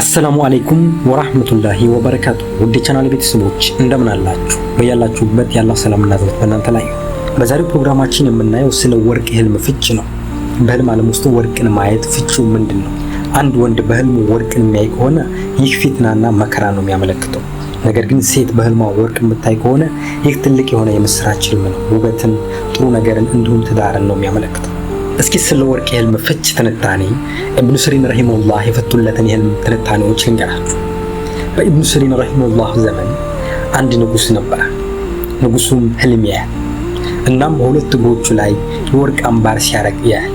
አሰላሙ አለይኩም ወራህመቱላሂ ወበረካቱ። ውድ ቻናል ቤተሰቦች እንደምን አላችሁ? በያላችሁበት ሰላም ሰላምና እዝነት በእናንተ ላይ። በዛሬው ፕሮግራማችን የምናየው ስለ ወርቅ ህልም ፍች ነው። በህልም ዓለም ውስጥ ወርቅን ማየት ፍቺው ምንድን ነው? አንድ ወንድ በህልሙ ወርቅን የሚያይ ከሆነ ይህ ፊትናና መከራ ነው የሚያመለክተው። ነገር ግን ሴት በህልሟ ወርቅ የምታይ ከሆነ ይህ ትልቅ የሆነ የምስራች ህልም ነው። ውበትን፣ ጥሩ ነገርን እንዲሁም ትዳርን ነው የሚያመለክተው። እስኪ ስለ ወርቅ የህልም ፍች ትንታኔ እብኑ ሲሪን ረሂመሁላህ የፈቱለትን የህልም ትንታኔዎች ልንገራችሁ። በእብኑ ሲሪን ረሂመሁላህ ዘመን አንድ ንጉስ ነበረ። ንጉሱም ህልም ያያል። እናም በሁለት እግሮቹ ላይ የወርቅ አምባር ሲያረግ ያያል።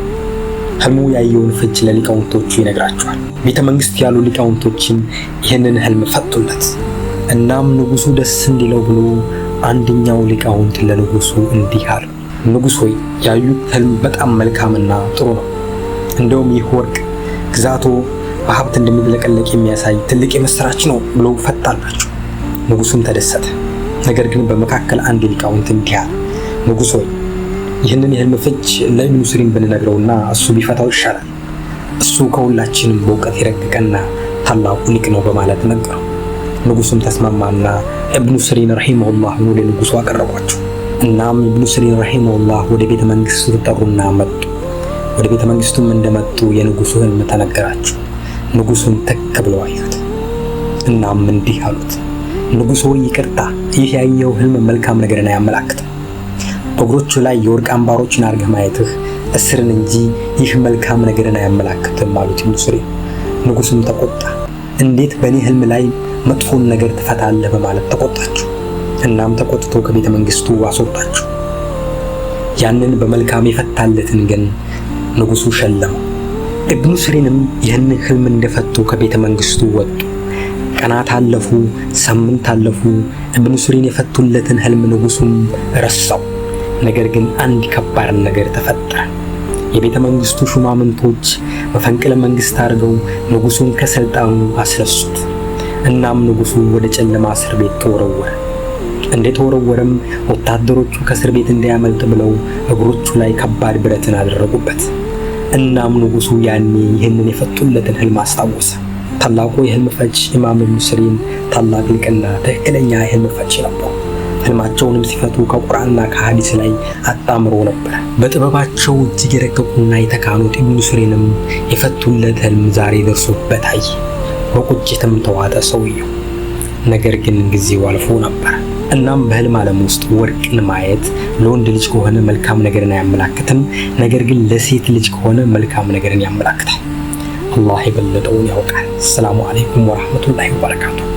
ህልሙ ያየውን ፍች ለሊቃውንቶቹ ይነግራቸዋል። ቤተ መንግስት ያሉ ሊቃውንቶችም ይህንን ህልም ፈቱለት። እናም ንጉሱ ደስ እንዲለው ብሎ አንደኛው ሊቃውንት ለንጉሱ እንዲህ አሉ። ንጉሥ ሆይ ያዩት ህልም በጣም መልካምና ጥሩ ነው። እንደውም ይህ ወርቅ ግዛቶ በሀብት እንደሚለቀለቅ የሚያሳይ ትልቅ የምስራች ነው ብሎ ፈታላቸው። ንጉሱም ተደሰተ። ነገር ግን በመካከል አንድ ሊቃውንት እንዲህ አለ፣ ንጉሥ ሆይ ይህንን የህልም ፍች ለኢብኑ ሲሪን ብንነግረውና እሱ ቢፈታው ይሻላል። እሱ ከሁላችንም በእውቀት የረቀቀና ታላቁ ሊቅ ነው በማለት ነገረው። ንጉሱም ተስማማና ኢብኑ ሲሪን ረሂመሁላህ ወደ ለንጉሱ አቀረቧቸው። እናም ኢብኑ ሲሪን ረሂመሁላህ ወደ ቤተ መንግስቱ ተጠሩና መጡ። ወደ ቤተ መንግስቱም እንደመጡ የንጉሱ ህልም ተነገራቸው። ንጉሱን ተክ ብለው አዩት። እናም እንዲህ አሉት፣ ንጉሱ ወይ ይቅርታ፣ ይህ ያየው ህልም መልካም ነገርን አያመላክትም። በእግሮቹ ላይ የወርቅ አምባሮችን አድርገህ ማየትህ እስርን እንጂ ይህ መልካም ነገርን አያመላክትም አሉት ኢብኑ ንጉሱም ተቆጣ። እንዴት በእኔ ህልም ላይ መጥፎን ነገር ትፈታለህ? በማለት ተቆጣቸው። እናም ተቆጥቶ ከቤተ መንግስቱ አስወጣቸው። ያንን በመልካም የፈታለትን ግን ንጉሱ ሸለመው። ኢብኑ ሲሪንም ይህን ህልም እንደፈቱ ከቤተ መንግስቱ ወጡ። ቀናት አለፉ፣ ሳምንት አለፉ። ኢብኑ ሲሪን የፈቱለትን ህልም ንጉሱም ረሳው። ነገር ግን አንድ ከባድ ነገር ተፈጠረ። የቤተ መንግስቱ ሹማምንቶች መፈንቅለ መንግስት አድርገው ንጉሱን ከስልጣኑ አስረሱት። እናም ንጉሱ ወደ ጨለማ እስር ቤት ተወረወረ። እንደተወረወረም ወታደሮቹ ከእስር ቤት እንዳያመልጥ ብለው እግሮቹ ላይ ከባድ ብረትን አደረጉበት። እናም ንጉሱ ያኔ ይህንን የፈቱለትን ህልም አስታወሰ። ታላቁ የህልም ፈቺ ኢማም ሙስሊም ታላቅ ሊቅና ትክክለኛ የህልም ፈቺ ነበሩ። ህልማቸውንም ሲፈቱ ከቁርአንና ከሀዲስ ላይ አጣምሮ ነበር። በጥበባቸው እጅግ የረቀቁና የተካኑት ኢብኑ ሲሪንም የፈቱለት ህልም ዛሬ ደርሶበት አየ። በቁጭትም ተዋጠ ሰውየው። ነገር ግን ጊዜው አልፎ ነበር። እናም በህልም ዓለም ውስጥ ወርቅን ማየት ለወንድ ልጅ ከሆነ መልካም ነገርን አያመላክትም። ነገር ግን ለሴት ልጅ ከሆነ መልካም ነገርን ያመላክታል። አላህ የበለጠውን ያውቃል። አሰላሙ አለይኩም ወራህመቱላሂ ወበረካቱ።